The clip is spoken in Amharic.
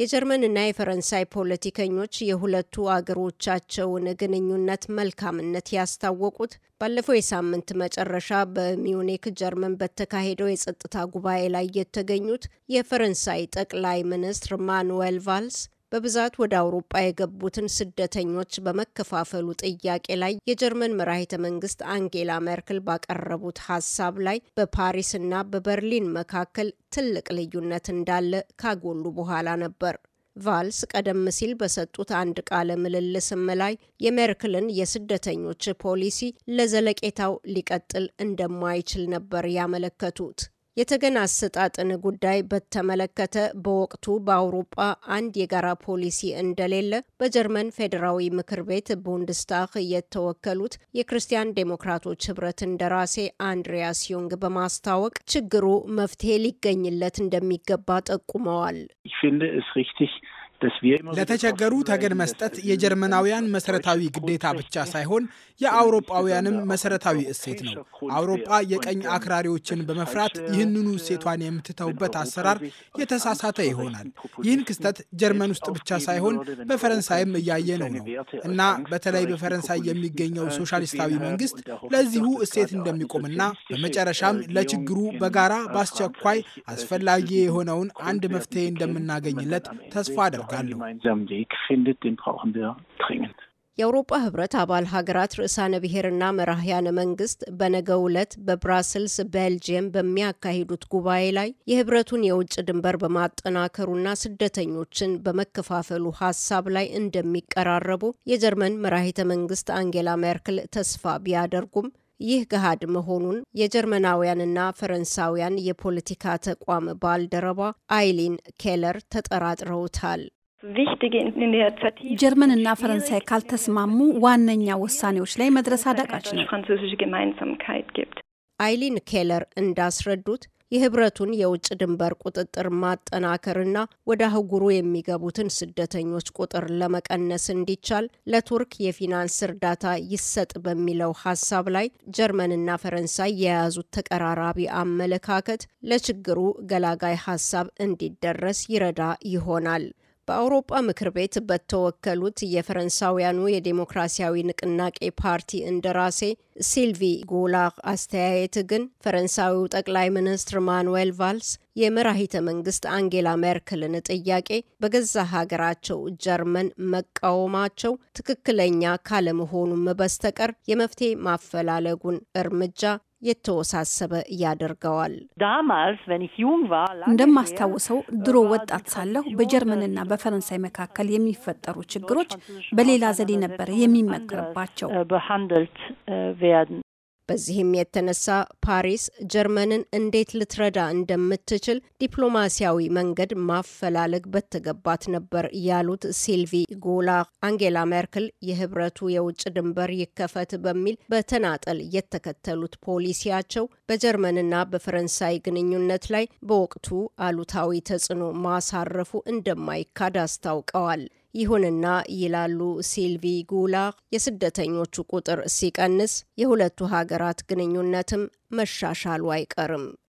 የጀርመንና የፈረንሳይ ፖለቲከኞች የሁለቱ አገሮቻቸውን ግንኙነት መልካምነት ያስታወቁት ባለፈው የሳምንት መጨረሻ በሚዩኒክ ጀርመን በተካሄደው የጸጥታ ጉባኤ ላይ የተገኙት የፈረንሳይ ጠቅላይ ሚኒስትር ማኑዌል ቫልስ በብዛት ወደ አውሮጳ የገቡትን ስደተኞች በመከፋፈሉ ጥያቄ ላይ የጀርመን መራሂተ መንግስት አንጌላ ሜርክል ባቀረቡት ሀሳብ ላይ በፓሪስና በበርሊን መካከል ትልቅ ልዩነት እንዳለ ካጎሉ በኋላ ነበር። ቫልስ ቀደም ሲል በሰጡት አንድ ቃለ ምልልስም ላይ የሜርክልን የስደተኞች ፖሊሲ ለዘለቄታው ሊቀጥል እንደማይችል ነበር ያመለከቱት። የተገና አሰጣጥን ጉዳይ በተመለከተ በወቅቱ በአውሮጳ አንድ የጋራ ፖሊሲ እንደሌለ በጀርመን ፌዴራዊ ምክር ቤት ቡንድስታክ የተወከሉት የክርስቲያን ዴሞክራቶች ህብረት እንደራሴ አንድሪያስ ዮንግ በማስታወቅ ችግሩ መፍትሄ ሊገኝለት እንደሚገባ ጠቁመዋል። ለተቸገሩ ተገን መስጠት የጀርመናውያን መሰረታዊ ግዴታ ብቻ ሳይሆን የአውሮጳውያንም መሰረታዊ እሴት ነው። አውሮጳ የቀኝ አክራሪዎችን በመፍራት ይህንኑ እሴቷን የምትተውበት አሰራር የተሳሳተ ይሆናል። ይህን ክስተት ጀርመን ውስጥ ብቻ ሳይሆን በፈረንሳይም እያየነው ነው እና በተለይ በፈረንሳይ የሚገኘው ሶሻሊስታዊ መንግስት ለዚሁ እሴት እንደሚቆምና በመጨረሻም ለችግሩ በጋራ በአስቸኳይ አስፈላጊ የሆነውን አንድ መፍትሄ እንደምናገኝለት ተስፋ አደርጋል። ይሰጣሉ። የአውሮፓ ህብረት አባል ሀገራት ርዕሳነ ብሔርና መራህያነ መንግስት በነገ ዕለት በብራስልስ ቤልጅየም በሚያካሂዱት ጉባኤ ላይ የህብረቱን የውጭ ድንበር በማጠናከሩና ስደተኞችን በመከፋፈሉ ሀሳብ ላይ እንደሚቀራረቡ የጀርመን መራሂተ መንግስት አንጌላ ሜርክል ተስፋ ቢያደርጉም ይህ ገሃድ መሆኑን የጀርመናውያንና ፈረንሳውያን የፖለቲካ ተቋም ባልደረባ አይሊን ኬለር ተጠራጥረውታል። ጀርመንና ፈረንሳይ ካልተስማሙ ዋነኛ ውሳኔዎች ላይ መድረስ አዳጋች ነው። አይሊን ኬለር እንዳስረዱት የህብረቱን የውጭ ድንበር ቁጥጥር ማጠናከርና ወደ አህጉሩ የሚገቡትን ስደተኞች ቁጥር ለመቀነስ እንዲቻል ለቱርክ የፊናንስ እርዳታ ይሰጥ በሚለው ሀሳብ ላይ ጀርመንና ፈረንሳይ የያዙት ተቀራራቢ አመለካከት ለችግሩ ገላጋይ ሀሳብ እንዲደረስ ይረዳ ይሆናል። በአውሮጳ ምክር ቤት በተወከሉት የፈረንሳውያኑ የዴሞክራሲያዊ ንቅናቄ ፓርቲ እንደራሴ ሲልቪ ጎላር አስተያየት ግን ፈረንሳዊው ጠቅላይ ሚኒስትር ማኑዌል ቫልስ የመራሂተ መንግስት አንጌላ ሜርክልን ጥያቄ በገዛ ሀገራቸው ጀርመን መቃወማቸው ትክክለኛ ካለመሆኑም በስተቀር የመፍትሄ ማፈላለጉን እርምጃ የተወሳሰበ ያደርገዋል። እንደማስታውሰው äh, ድሮ ወጣት ሳለሁ በጀርመንና በፈረንሳይ መካከል የሚፈጠሩ ችግሮች በሌላ ዘዴ äh, ነበር äh, የሚመክርባቸው። በዚህም የተነሳ ፓሪስ ጀርመንን እንዴት ልትረዳ እንደምትችል ዲፕሎማሲያዊ መንገድ ማፈላለግ በተገባት ነበር ያሉት ሲልቪ ጎላ አንጌላ ሜርክል የህብረቱ የውጭ ድንበር ይከፈት በሚል በተናጠል የተከተሉት ፖሊሲያቸው በጀርመንና በፈረንሳይ ግንኙነት ላይ በወቅቱ አሉታዊ ተጽዕኖ ማሳረፉ እንደማይካድ አስታውቀዋል። ይሁንና ይላሉ ሲልቪ ጉላ፣ የስደተኞቹ ቁጥር ሲቀንስ የሁለቱ ሀገራት ግንኙነትም መሻሻሉ አይቀርም።